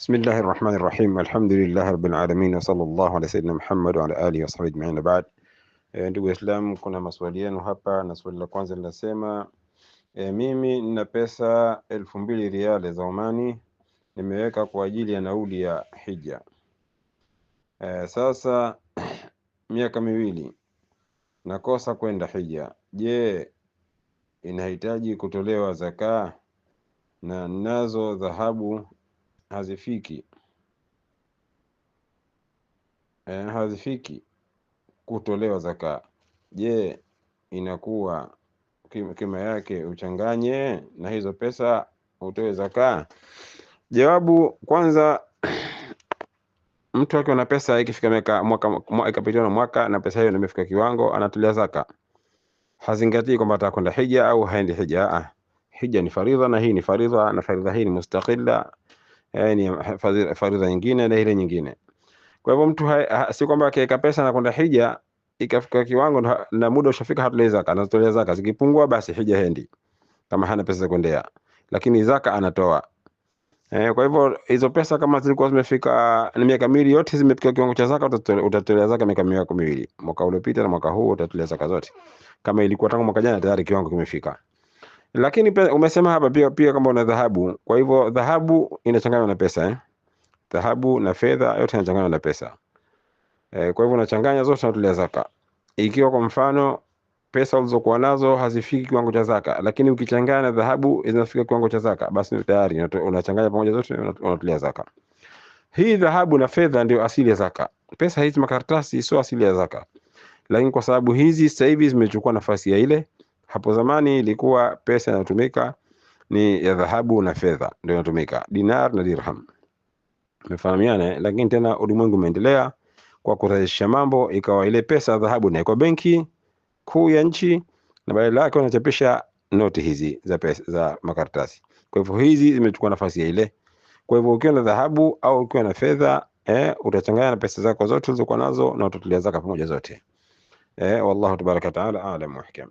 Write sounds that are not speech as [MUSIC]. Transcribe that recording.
بسم الله الرحمن الرحيم الحمد لله رب العالمين وصلى الله على سيدنا محمد وعلى اله وصحبه اجمعين بعد ndugu Waislamu, kuna maswaliano hapa, na swali la kwanza linasema e, mimi nina pesa elfu mbili riale za Omani nimeweka kwa ajili ya nauli ya hija e, sasa [CLEARS THROAT] miaka miwili nakosa kwenda hija. Je, inahitaji kutolewa zakaa? na nazo dhahabu hazifiki e, hazifiki kutolewa zaka. Je, inakuwa kima, yake uchanganye na hizo pesa utoe zaka? Jawabu kwanza [CLEARS THROAT] mtu akiwa na pesa ikifika miaka mwaka ikapitiwa na mwaka na pesa hiyo imefika kiwango, anatolea zaka. Hazingatii kwamba atakwenda hija au haendi hija. Hija ni faridha na hii ni faridha na faridha hii ni mustaqilla eh, ni faridha nyingine na ile nyingine. Kwa hivyo mtu si kwamba akiweka pesa na kwenda hija ikafika kiwango na, na muda ushafika hatolei zaka, anatolea zaka, zikipungua basi hija hendi kama hana pesa za kuendea, lakini zaka anatoa. Eh, kwa hivyo hizo pesa kama zilikuwa zimefika ni miaka miwili yote zimefika kiwango cha zaka, utatolea zaka miaka miwili, mwaka uliopita na mwaka huu utatolea zaka zote. Kama ilikuwa tangu mwaka jana tayari kiwango kimefika. Lakini pe, umesema hapa pia pia kwamba una dhahabu. Kwa hivyo dhahabu inachanganywa na pesa eh? Dhahabu na fedha yote inachanganywa na pesa eh, kwa hivyo unachanganya zote unatolea zaka. Ikiwa kwa mfano pesa ulizokuwa nazo hazifiki kiwango cha zaka, lakini ukichanganya na dhahabu zinafika kiwango cha zaka, basi tayari unachanganya pamoja zote unatolea zaka. Hii dhahabu na fedha ndio asili ya zaka. Pesa hizi makaratasi sio asili ya zaka, lakini kwa sababu hizi sasa hivi zimechukua nafasi ya ile hapo zamani ilikuwa pesa inatumika ni ya dhahabu na fedha ndio inatumika, dinar na dirham. Mfahamiane, Lakini tena ulimwengu umeendelea kwa kurahisisha mambo, ikawa ile pesa ya dhahabu na iko benki kuu ya nchi, na badala yake wanachapisha noti hizi za pesa, za makaratasi. Kwa hivyo hizi zimechukua nafasi ya ile. Kwa hivyo ukiwa na dhahabu au ukiwa na fedha eh, utachanganya na pesa zako zote ulizokuwa nazo na utatulia zaka pamoja zote. Eh, wallahu tabaraka taala alam muhkam.